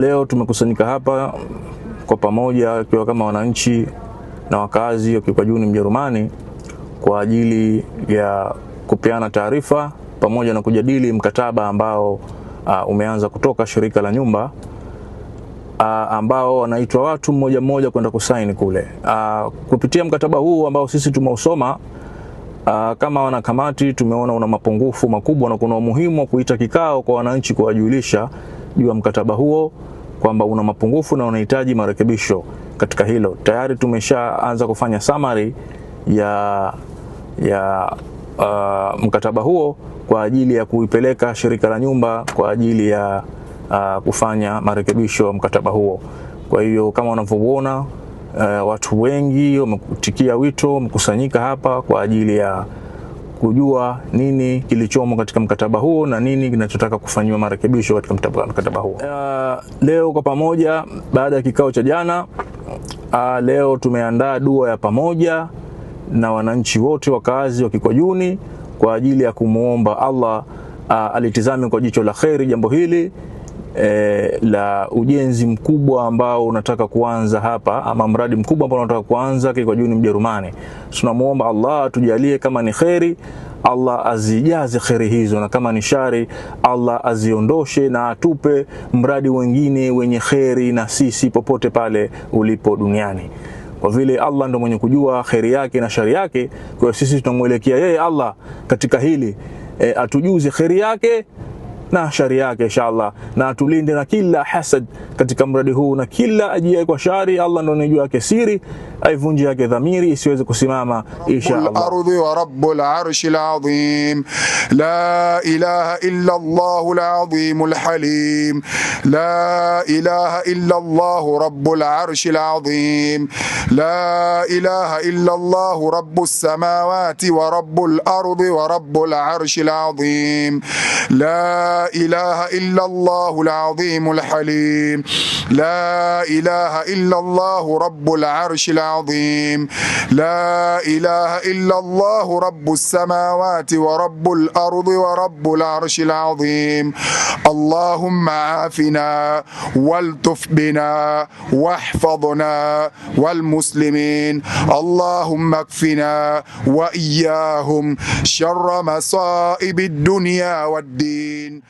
Leo tumekusanyika hapa kwa pamoja akiwa kama wananchi na wakazi wa Kikwajuni Mjerumani kwa ajili ya kupeana taarifa pamoja na kujadili mkataba ambao uh, umeanza kutoka shirika la nyumba uh, ambao wanaitwa watu mmoja mmoja kwenda kusaini kule. Uh, kupitia mkataba huu ambao sisi tumeusoma uh, kama wanakamati tumeona una mapungufu makubwa na kuna umuhimu wa kuita kikao kwa wananchi kuwajulisha juu ya mkataba huo kwamba una mapungufu na unahitaji marekebisho katika hilo. Tayari tumeshaanza kufanya summary ya, ya uh, mkataba huo kwa ajili ya kuipeleka shirika la nyumba kwa ajili ya uh, kufanya marekebisho ya mkataba huo. Kwa hiyo kama unavyoona, uh, watu wengi wametikia wito, wamekusanyika hapa kwa ajili ya kujua nini kilichomo katika mkataba huo na nini kinachotaka kufanyiwa marekebisho katika mkataba, huo. Uh, leo kwa pamoja baada ya kikao cha jana uh, leo tumeandaa dua ya pamoja na wananchi wote wakazi wa Kikwajuni kwa ajili ya kumwomba Allah uh, alitizame kwa jicho la kheri jambo hili e, la ujenzi mkubwa ambao unataka kuanza hapa ama mradi mkubwa ambao unataka kuanza kwa juu ni Mjerumani. Tunamuomba Allah atujalie kama ni kheri Allah azijaze kheri hizo, na kama ni shari Allah aziondoshe na atupe mradi wengine wenye kheri na sisi popote pale ulipo duniani, kwa vile Allah ndo mwenye kujua kheri yake na shari yake. Kwa sisi tunamwelekea yeye Allah katika hili e, atujuze kheri yake na shari yake inshallah, na tulinde na kila hasad katika mradi huu, na kila ajiaye kwa shari, Allah ndo anajua yake siri, aivunje yake dhamiri isiweze kusimama inshallah. Al-ardhi wa rabbul arshil azim la ilaha illa Allah al-azim halim la ilaha illa Allah rabbul arshil azim la ilaha illa Allah rabbus samawati wa rabbul ardhi wa rabbul arshil azim la لا إله إلا الله العظيم الحليم لا إله إلا الله رب العرش العظيم لا إله إلا الله رب السماوات ورب الأرض ورب العرش العظيم اللهم عافنا والتف بنا واحفظنا والمسلمين اللهم اكفنا وإياهم شر مصائب الدنيا والدين